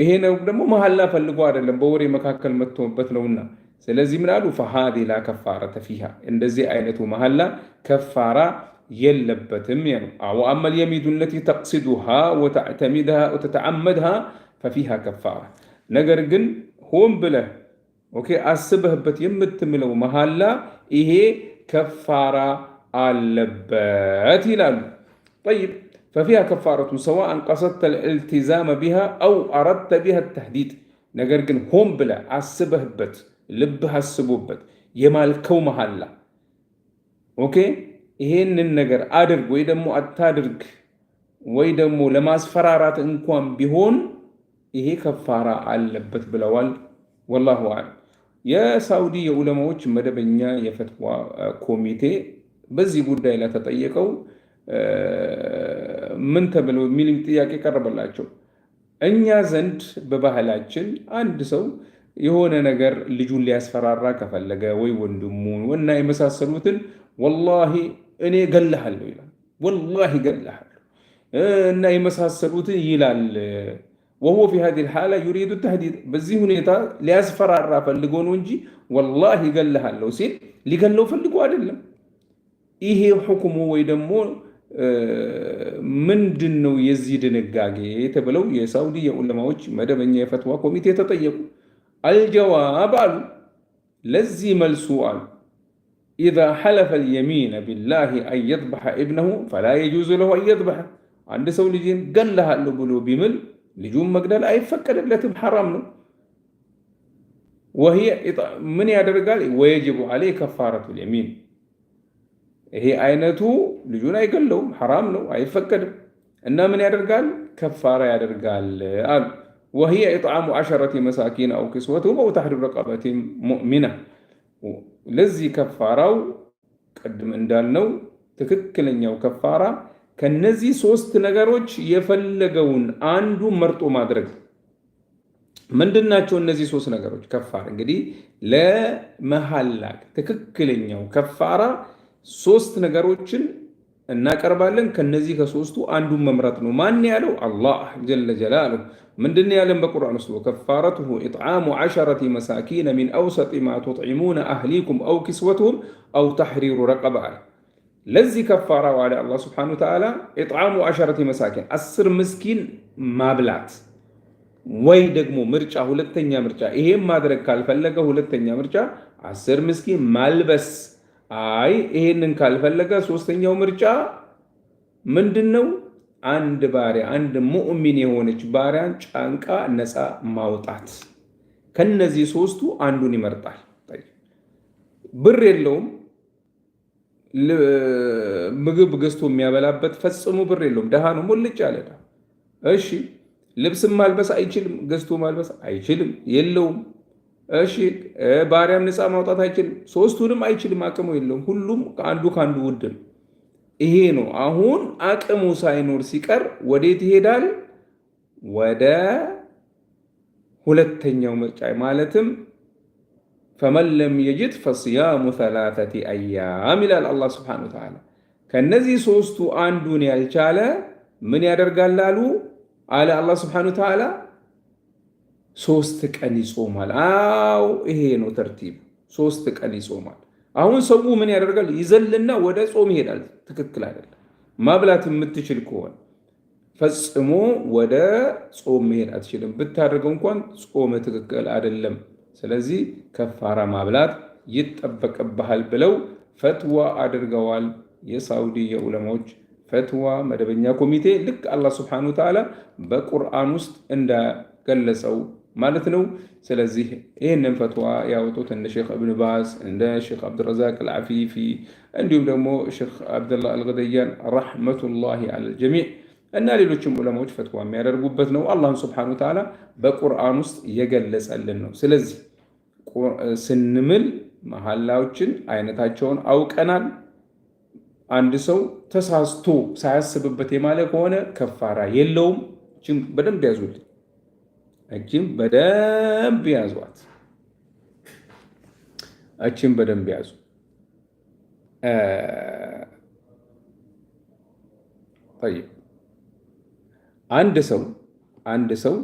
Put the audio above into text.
ይሄ ነው ደግሞ መሀላ ፈልጎ አይደለም፣ በወሬ መካከል መጥቶበት ነውና። ስለዚህ ምን አሉ? ፈሃዲ ላ ከፋረተ ፊሃ፣ እንደዚህ አይነቱ መሀላ ከፋራ የለበትም። ያ ነው አመ ልየሚዱ ለቲ ተቅሲዱሃ ወተዕተሚድሃ ወተተዓመድሃ ፈፊሃ ከፋራ። ነገር ግን ሆን ብለህ ኦኬ አስበህበት የምትምለው መሀላ ይሄ ከፋራ አለበት ይላሉ። ጠይብ ፈፊሃ ከፋረቱን ሰዋአን ቀሰድተ ልእልትዛመ ቢሃ አው አረድተ ቢሃ ተህዲድ። ነገር ግን ሆን ብለ አስበህበት ልብህ አስቦበት የማልከው መሐላ ኦኬ፣ ይሄንን ነገር አድርግ ወይ ደግሞ አታድርግ ወይ ደግሞ ለማስፈራራት እንኳን ቢሆን ይሄ ከፋራ አለበት ብለዋል። ወላሁ አለም። የሳውዲ የዑለማዎች መደበኛ የፈትዋ ኮሚቴ በዚህ ጉዳይ ላይ ተጠየቀው ምን ተብለው የሚልም ጥያቄ ቀረበላቸው። እኛ ዘንድ በባህላችን አንድ ሰው የሆነ ነገር ልጁን ሊያስፈራራ ከፈለገ ወይ ወንድሙን እና የመሳሰሉትን ወላሂ እኔ እገልሃለሁ ይላል። ወላሂ እገልሃለሁ እና የመሳሰሉትን ይላል። ወሆ ፊ ሃዚሂል ሓላ ዩሪዱ ተህዲድ፣ በዚህ ሁኔታ ሊያስፈራራ ፈልጎ ነው እንጂ ወላሂ እገልሃለሁ ሲል ሊገለው ፈልጎ አይደለም። ይሄ ሕክሙ ወይ ደግሞ ምንድን ነው የዚህ ድንጋጌ ተብለው የሳውዲ የዑለማዎች መደበኛ የፈትዋ ኮሚቴ ተጠየቁ። አልጀዋብ አሉ፣ ለዚህ መልሱ አሉ ኢዛ ሐለፈ ልየሚን ቢላሂ አን የጥበሐ ኢብነሁ ፈላ የጁዙ ለሁ አን አንድ ሰው ልጅን ገለሃለሁ ብሎ ቢምል ልጁን መግደል አይፈቀድለትም፣ ሐራም ነው። ወህየ ምን ያደርጋል? ወየጅቡ ዐለይሂ ከፋረቱ ልየሚን ይሄ አይነቱ ልጁን አይገለውም፣ ሐራም ነው፣ አይፈቀድም። እና ምን ያደርጋል? ከፋራ ያደርጋል አሉ። ወሂየ ኢጥዓሙ ዓሸረቲ መሳኪን አው ክስወቱሁም አው ታሕሪሩ ረቀበት ሙእሚና። ለዚህ ከፋራው ቅድም እንዳልነው ትክክለኛው ከፋራ ከነዚህ ሶስት ነገሮች የፈለገውን አንዱ መርጦ ማድረግ። ምንድናቸው እነዚህ ሶስት ነገሮች? ከፋራ እንግዲህ ለመሐላቅ ትክክለኛው ከፋራ ሶስት ነገሮችን እናቀርባለን። ከነዚህ ከሶስቱ አንዱን መምረጥ ነው። ማን ያለው? አላህ ጀለ ጀላሉ። ምንድን ያለን በቁርአን ውስጥ ወከፋረቱሁ ኢጥዓሙ ዓሸረቲ መሳኪን ሚን አውሰጢ ማ ቱጥዒሙነ አህሊኩም አው ኪስወቱሁም አው ተሕሪሩ ረቀባ አለ። ለዚህ ከፋራ ዋለ አላህ ስብሓነሁ ወተዓላ ኢጥዓሙ ዓሸረቲ መሳኪን አስር ምስኪን ማብላት ወይ ደግሞ ምርጫ ሁለተኛ ምርጫ፣ ይሄም ማድረግ ካልፈለገ ሁለተኛ ምርጫ አስር ምስኪን ማልበስ አይ ይሄንን ካልፈለገ ሶስተኛው ምርጫ ምንድን ነው? አንድ ባሪያ አንድ ሙእሚን የሆነች ባሪያን ጫንቃ ነፃ ማውጣት። ከነዚህ ሶስቱ አንዱን ይመርጣል። ብር የለውም፣ ምግብ ገዝቶ የሚያበላበት ፈጽሞ ብር የለውም፣ ደሃ ነው፣ ሞልጭ ያለ። እሺ ልብስም ማልበስ አይችልም፣ ገዝቶ ማልበስ አይችልም፣ የለውም እሺ ባሪያም ነፃ ማውጣት አይችልም። ሶስቱንም አይችልም፣ አቅሙ የለውም። ሁሉም አንዱ ከአንዱ ውድ ነው። ይሄ ነው። አሁን አቅሙ ሳይኖር ሲቀር ወዴት ይሄዳል? ወደ ሁለተኛው ምርጫ ማለትም ፈመን ለም የጅድ ፈስያሙ ሰላሰቲ አያም ይላል አላህ ስብሐነሁ ወተዓላ። ከነዚህ ሶስቱ አንዱን ያልቻለ ምን ያደርጋል አሉ አለ አላህ ስብሐነሁ ወተዓላ ሶስት ቀን ይጾማል። አዎ ይሄ ነው ተርቲብ፣ ሶስት ቀን ይጾማል። አሁን ሰው ምን ያደርጋል? ይዘልና ወደ ጾም ይሄዳል። ትክክል አይደለም። ማብላት የምትችል ከሆነ ፈጽሞ ወደ ጾም መሄድ አትችልም። ብታደርገው እንኳን ጾም ትክክል አይደለም። ስለዚህ ከፋራ ማብላት ይጠበቅብሃል ብለው ፈትዋ አድርገዋል። የሳውዲ የዑለማዎች ፈትዋ መደበኛ ኮሚቴ ልክ አላህ ስብሐነሁ ወተዓላ በቁርአን ውስጥ እንደገለጸው ማለት ነው። ስለዚህ ይህንን ፈትዋ ያወጡት እንደ ሼክ እብን ባስ እንደ ሼክ አብድረዛቅ አልዓፊፊ እንዲሁም ደግሞ ሼክ አብደላ አልገደያን ረሕመቱላሂ አለልጀሚዕ እና ሌሎችም ዑለማዎች ፈትዋ የሚያደርጉበት ነው። አላህን ስብሓነሁ ወተዓላ በቁርአን ውስጥ የገለጸልን ነው። ስለዚህ ስንምል መሐላዎችን አይነታቸውን አውቀናል። አንድ ሰው ተሳስቶ ሳያስብበት የማለ ከሆነ ከፋራ የለውም። በደንብ ያዙልኝ። እቺም በደንብ ያዟት። እቺም በደንብ ያዙ። አንድ ሰው አንድ ሰው